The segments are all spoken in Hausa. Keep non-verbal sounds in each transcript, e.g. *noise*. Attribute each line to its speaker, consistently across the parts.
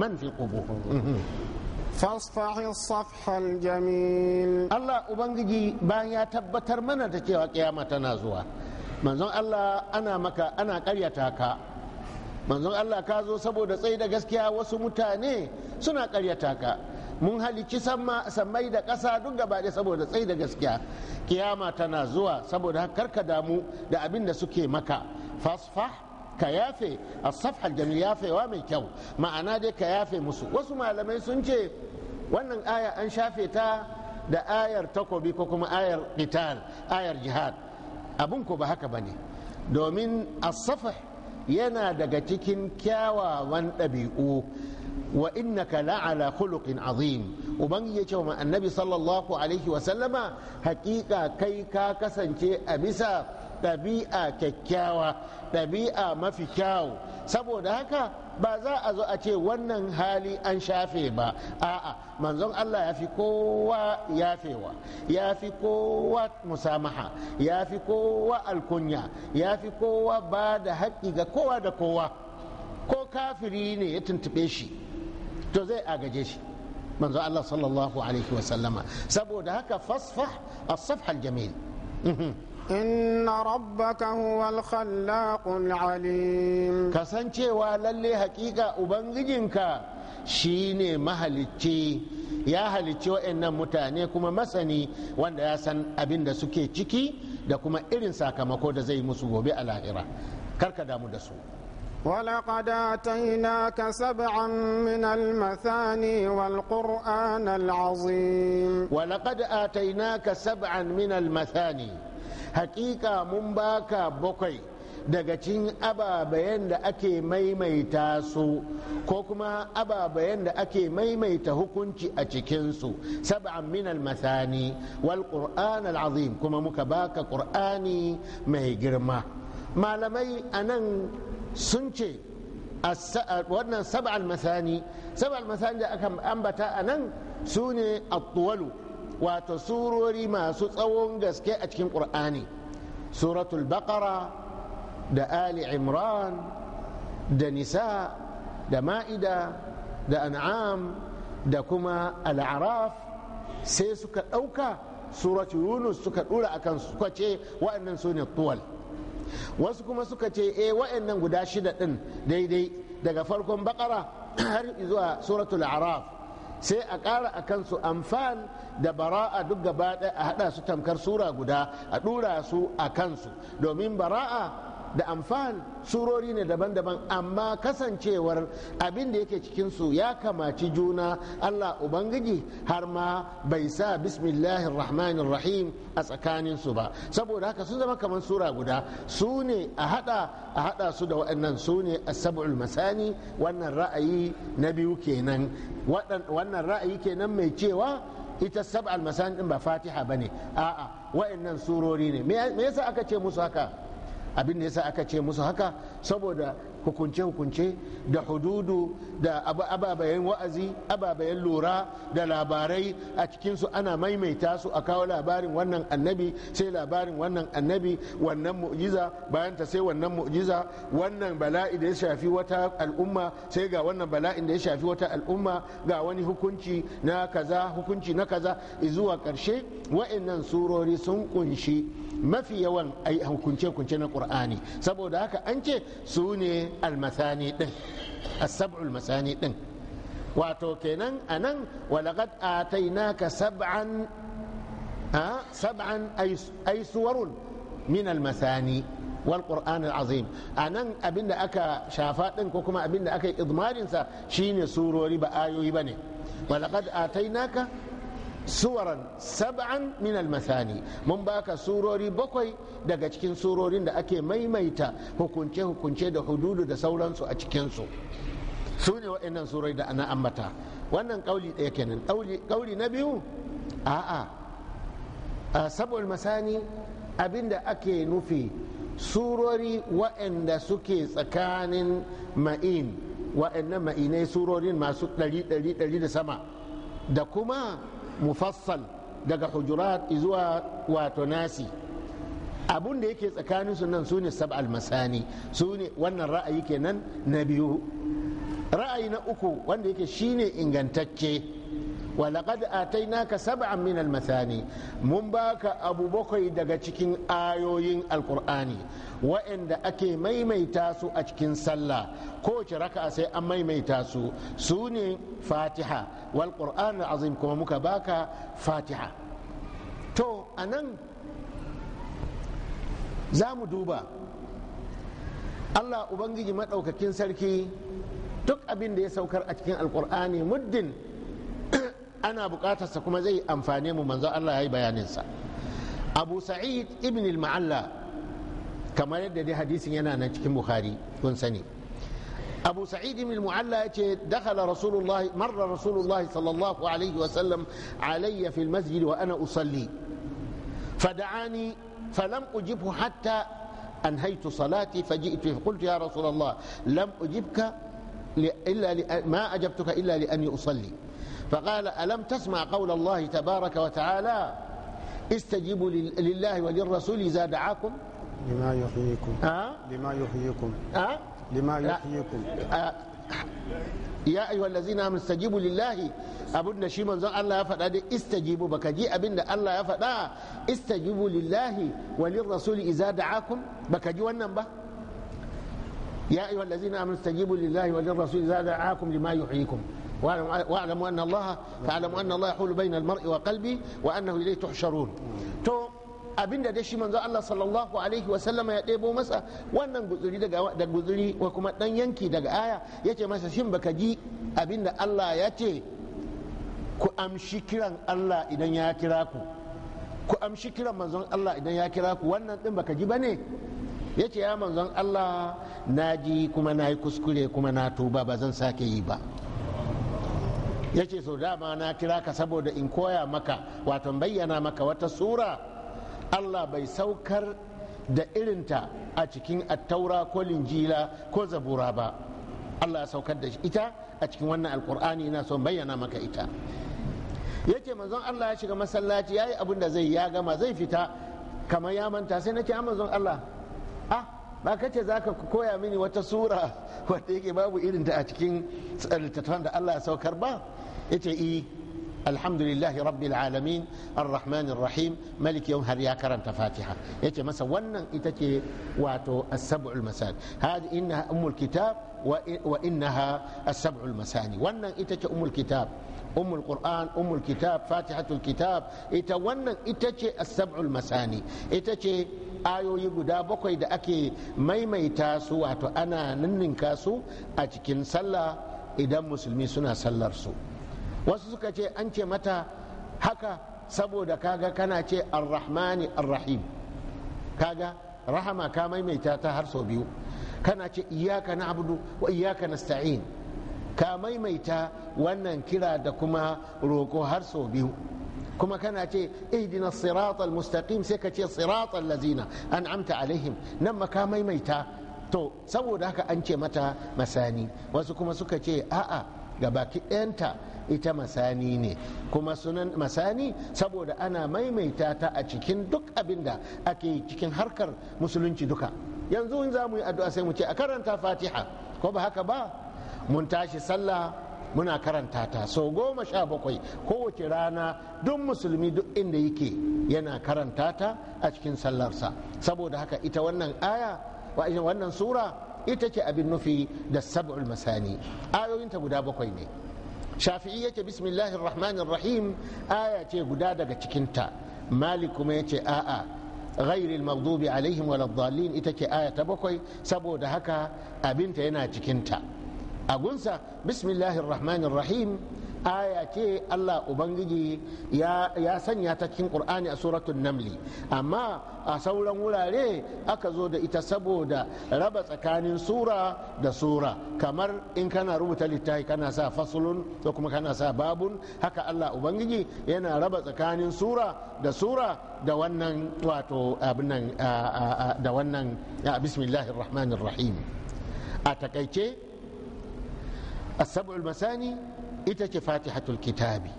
Speaker 1: man fi qubu Allah ubangiji bayan ya tabbatar mana da cewa kiyama tana zuwa manzon Allah ana maka ana karyata ka manzon Allah ka zo saboda tsayi da gaskiya wasu mutane suna karyata ka mun halici sammai da ƙasa duk gaba ɗaya saboda tsayi da gaskiya kiyama tana zuwa saboda ka damu da abinda suke maka fasfah ka yafe a safhal jamil yafewa mai kyau ma'ana dai ka yafe musu wasu malamai sun ce wannan aya an shafe ta da ayar takobi ko kuma ayar qital ayar jihad abun ko ba haka bane domin as yana daga cikin kyawawan ɗabi'u wa ka la'ala khuluqin azim ubangiji ya ce wa annabi sallallahu alaihi wa sallama hakika kai ka kasance a bisa ɗabi'a kyakkyawa ɗabi'a mafi kyawu saboda haka ba za a zo a ce wannan hali an shafe ba a'a manzon Allah ya fi kowa yafewa ya fi kowa musamaha ya fi kowa alkunya ya fi kowa ba da haƙƙi ga kowa da kowa ko kafiri ne ya tuntuɓe shi to zai agaje shi manzo Allah sallallahu alaihi wa sallama saboda haka fasfah as safha al-jamil إن ربك al الخلاق العليم kasancewa lalle haqiqa ubangijinka shine mahalicci ya halicci wa'annan mutane kuma masani wanda ya san abin da suke ciki da kuma irin sakamako da zai musu gobe a lahira karka damu da su ولقد آتيناك سبعا من المثاني والقرآن العظيم ولقد آتيناك سبعا من المثاني حقيقة منباك بكي daga cikin ababayen da ake maimaita su ko kuma ababayen da ake maimaita hukunci a cikinsu sab'an min al-mathani wal qur'an al-azim kuma muka baka qur'ani mai girma malamai anan sun ce wannan sab'al masani sab'al masani da aka ambata a nan su ne attuwalu wato surori masu tsawon gaske a cikin ƙur'ani suratul baqara da ali imran da nisa da ma'ida da an'am da kuma al'araf sai suka ɗauka suratu yunus suka ɗura akan suka ce waɗannan su ne tuwal wasu kuma suka ce eh waɗannan guda shida ɗin daidai daga farkon bakara *clears throat* har zuwa suratul araf sai a ƙara a kansu amfan da bara'a duk gaba a haɗa su tamkar sura guda a ɗura su a kansu domin bara'a da amfan surori ne daban-daban amma kasancewar abin da yake cikinsu ya kamaci juna allah ubangiji har ma bai sa bismillahir rahmanir rahim a tsakaninsu ba saboda haka sun zama kamar sura guda su ne a hada a hada su da waɗannan su ne asab'ul masani wannan ra'ayi na biyu kenan wannan ra'ayi kenan mai cewa ita sab'al masani din ba fatiha bane a'a waɗannan surori ne me yasa aka ce musu haka abin da yasa aka ce musu haka saboda hukunce-hukunce da hududu da ababayen wa'azi ababayen lura da labarai a cikinsu ana maimaita su a kawo labarin wannan annabi sai labarin wannan annabi wannan mu'jiza bayan ta sai wannan mu'jiza wannan bala'i da ya shafi wata al'umma sai ga wannan bala'in da ya shafi wata al'umma ga wani hukunci na kaza hukunci na kaza zuwa karshe wa'annan surori sun kunshi mafi yawan hukunce-hukunce na ƙur'ani saboda haka an ce su ne المثاني دن السبع المثاني دن واتو كينن انن ولقد اتيناك سبعا ها سبعا اي اي سور من المثاني والقران العظيم انن ابين اكا شافا كما ابين اكا اضمارن سا شيني سورori ba ayoyi ولقد اتيناك suwaran sab'an min almathani mun baka surori bakwai daga cikin surorin da ake maimaita hukunce hukunce da hududu da sauransu a cikinsu su ne waɗannan surori da ana ambata wannan kauli ɗaya kenan kauli na biyu a'a sabon masani abinda ake nufi surori waɗanda suke tsakanin ma'in waɗannan ma'inai surorin masu ɗari ɗari ɗari da sama da kuma mufassal daga hujurat zuwa wato nasi abun da yake tsakanin su nan sune sab'al masani sune wannan ra'ayi kenan na biyu ra'ayi na uku wanda yake shine ingantacce walaƙad atainaka sab'an min almathani mun baka abu bakwai daga cikin ayoyin alkur'ani wa'anda ake maimaita su a cikin sallah kowace raka'a sai an maimaita su su ne fatiha wal azim kuma muka baka fatiha to anan za mu duba Allah Ubangiji maɗaukakin sarki duk abin da ya saukar a cikin alkur'ani muddin ana bukatarsa kuma zai amfane mu manzo Allah ya yi bayaninsa abu sa'id ibn al-ma'alla kamar yadda dai hadisin yana nan cikin bukhari kun sani abu sa'id ibn al-mu'alla yace dakhala rasulullahi marra rasulullahi sallallahu alaihi wa sallam alayya fi al masjid wa ana usalli fada'ani falam ujibhu hatta أنهيت صلاتي فجئت فقلت يا رسول الله لم أجبك إلا ما أجبتك إلا لأني أصلي فقال الم تسمع قول الله تبارك وتعالى استجيبوا لله وللرسول اذا دعاكم لما يحييكم أه؟ لما يحييكم أه؟ لما يحييكم يا ايها الذين امنوا استجيبوا لله ابو النشيم زان الله يا استجيبوا بكجي ابن الله يا آه، استجيبوا لله وللرسول اذا دعاكم بكجي wannan ba يا ايها الذين امنوا استجيبوا لله وللرسول اذا دعاكم لما يحييكم واعلموا أن الله فاعلموا أن الله يحول بين المرء وقلبه وأنه إليه تحشرون تو abin da shi manzo Allah sallallahu alaihi wasallam ya ɗebo masa wannan guzuri daga da guzuri wa kuma dan yanki daga aya yace masa shin baka ji abin da Allah ya ce ku amshi kiran Allah idan ya kira ku ku amshi kiran manzon Allah idan ya kira ku wannan din baka ji bane yace ya manzon Allah na ji kuma nayi kuskure kuma na tuba ba zan sake yi ba ya ce so dama na kira ka saboda in koya maka wato bayyana maka wata sura allah bai saukar da irinta a cikin attaura ko linjila ko zabura ba allah ya saukar da ita a cikin wannan alkur'ani na son bayyana maka ita ya ce manzon allah ya shiga masallaci ya yi abin da zai ya gama zai fita kamar ya manta sai na ce ah, manzon allah ah ba ka ce za ka koya mini wata sura *laughs* wadda yake babu irinta a cikin littattafan da allah ya saukar ba yace i eh, alhamdulillahi rabbil alamin arrahmanir rahim malik yau har ya karanta fatiha yace masa wannan ita ce wato as-sab'ul masani hadi innaha ummul kitab wa innaha as-sab'ul masani wannan ita ce ummul kitab ummul qur'an ummul kitab fatihatul kitab ita wannan ita ce as-sab'ul masani ita ce ayoyi guda bakwai da ake maimaita su wato ana ninninka su a cikin sallah idan musulmi suna sallar su wasu suka ce an ce mata haka saboda kaga kana ce arrahmani arrahim kaga rahama ka maimaita ta har sau biyu kana ce iyaka na abudu wa iyaka nasta'in ka maimaita wannan kira da kuma roko har sau biyu kuma kana ce ihdina siratal mustaqim sai ka ce siratal lazina an'amta alaihim nan ma ka maimaita to saboda haka an ce mata masani wasu kuma suka ce a'a baki ɗayanta ita masani ne kuma sunan masani saboda ana maimaita ta a cikin duk abin da ake cikin harkar musulunci duka yanzu in za mu yi addu'a sai mu ce a karanta fatiha ko ba haka ba mun tashi sallah muna karanta ta so goma sha bakwai kowace rana duk musulmi duk inda yake yana karanta ta a cikin sallarsa saboda haka ita wannan aya wannan sura ita ce abin nufi da sab'ul masani ayoyinta guda bakwai ne shafi'i yake bismillahir rahmanir rahim aya ce guda daga cikinta malik kuma yace a'a ghairil maghdubi alaihim waladdallin ita ce aya ta bakwai saboda haka abinta yana cikinta a gunsa bismillahir rahmanir rahim aya ce Allah Ubangiji ya sanya ta cikin Qur'ani a suratun Namli amma a sauran wurare aka zo da ita saboda raba tsakanin sura da sura kamar in kana rubuta littafi kana sa fasulun ko kuma kana sa babun haka Allah Ubangiji yana raba tsakanin sura da sura da wannan wato abinan da wannan bismillahir rahmanir a takaice السبع masani ita ce fatihatul kitabi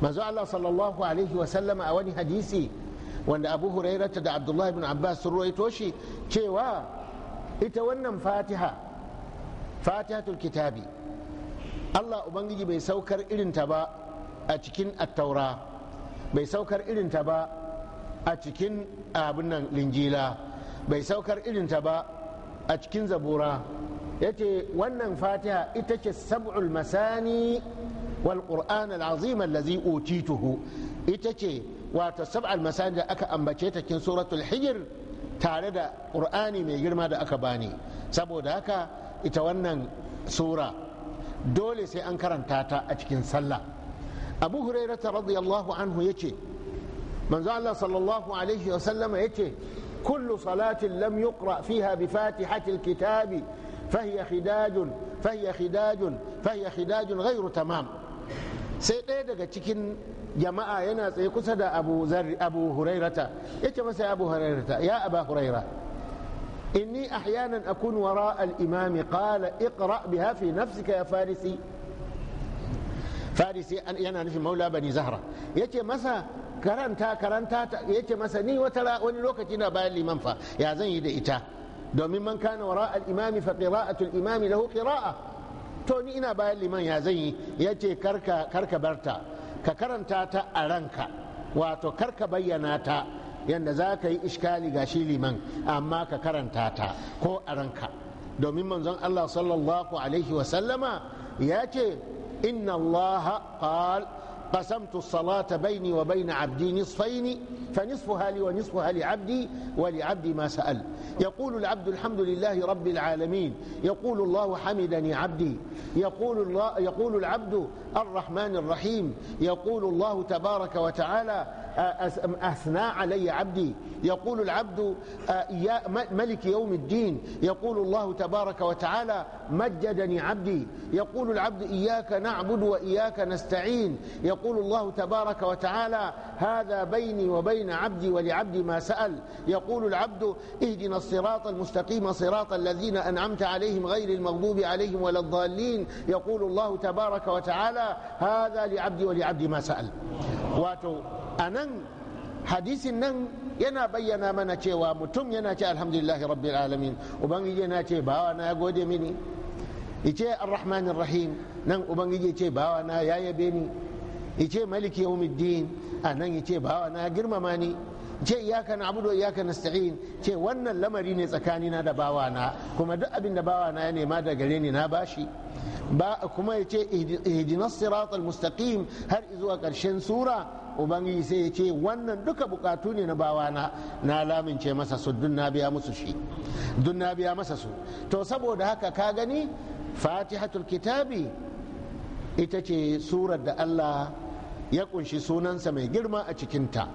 Speaker 1: manzo Allah sallallahu alaihi wa sallama a wani hadisi wanda Abu Hurairata da Abdullah ibn Abbas sun ruwaito shi cewa ita wannan fatiha fatihatul kitabi Allah ubangiji bai saukar irinta ba a cikin attaura bai saukar irinta ba a cikin abin nan linjila bai saukar irinta ba a cikin zabura yace wannan fatiha ita ce sab'ul masani wal qur'an al azim allazi utituhu ita ce wato sab'al masani da aka ambace ta cikin suratul hijr tare da qur'ani mai girma da aka bani saboda haka ita wannan sura dole sai an karanta ta a cikin sallah abu hurairata radiyallahu anhu yace manzo Allah sallallahu alaihi wa sallama yace kullu salatin lam yuqra fiha bi fatihati al kitabi فهي خداج فهي خداج فهي خداج غير تمام sai ɗaya daga cikin jama'a yana tsaye kusa da abu zarri abu hurairata yace masa abu hurairata ya aba huraira inni ahyanan akun wara al-imami qala iqra biha fi nafsika ya farisi farisi yana nufin maula bani zahra yace masa karanta karanta yace masa ni wata wani lokaci na bayan liman fa ya zan yi da ita domin man kana wara al-imami a qira'atul imami lahu qira'a to ni ina bayan liman ya zan yi yace karka karka barta ka karanta ta a ranka wato karka bayyana ta yanda za ka yi iskali ga shi liman amma ka karanta ta ko a ranka domin manzon Allah sallallahu alaihi Wasallama ya ce inna Allah qala قسمت الصلاة بيني وبين عبدي نصفين فنصفها لي ونصفها لعبدي ولعبدي ما سأل يقول العبد الحمد لله رب العالمين يقول الله حمدني عبدي يقول, الله يقول العبد الرحمن الرحيم يقول الله تبارك وتعالى أثنى علي عبدي يقول العبد ملك يوم الدين يقول الله تبارك وتعالى مجدني عبدي يقول العبد إياك نعبد وإياك نستعين يقول الله تبارك وتعالى هذا بيني وبين عبدي ولعبدي ما سأل يقول العبد اهدنا الصراط المستقيم صراط الذين أنعمت عليهم غير المغضوب عليهم ولا الضالين يقول الله تبارك وتعالى هذا لعبدي ولعبدي ما سأل واتو أنن hadisin nan yana bayyana mana cewa mutum yana ce alhamdulillah rabbil alamin ubangiji yana ce bawa na ya gode mini ice arrahman rahim nan ubangiji ce bawa na ya yabe ni ice maliki yawmiddin a nan ice bawa na ya girmama ni ce iyaka na abudu iyaka nasta'in ce wannan lamari ne tsakanina da bawana kuma duk abin da bawana ya nema da gare ni na bashi ba kuma ya ce ihdinas siratal mustaqim har zuwa karshen sura ubangiji sai ya ce wannan duka bukatu ne na bawa na lamince masa su dun na biya musu shi dun na biya masa su to saboda haka ka gani fatihatul kitabi ita ce surar da allah ya kunshi sunansa mai girma a cikinta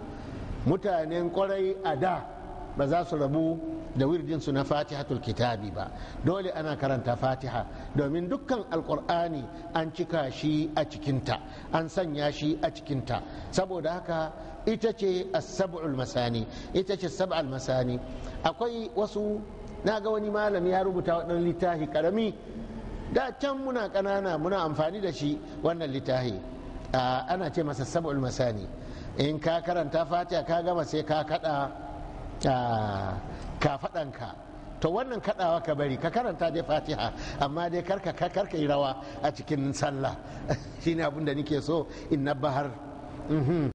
Speaker 1: mutanen kwarai a da ba za su rabu da wirdinsu na fatihatul kitabi ba dole ana karanta fatiha domin dukkan alkur'ani an cika shi a cikinta an sanya shi a cikinta saboda haka ita ce as masani ita ce sab'al masani akwai wasu na ga wani malam ya rubuta waɗannan littafi karami da can muna ƙanana muna amfani da shi wannan littafi ana ce masa sab'ul masani in ka karanta fatiha ka gama sai ka kaɗa Ka faɗanka, to wannan kaɗawa ka bari ka karanta dai fatiha amma dai karka karka yi rawa a cikin sallah *laughs* shine abin da nake so in na bahar mhm.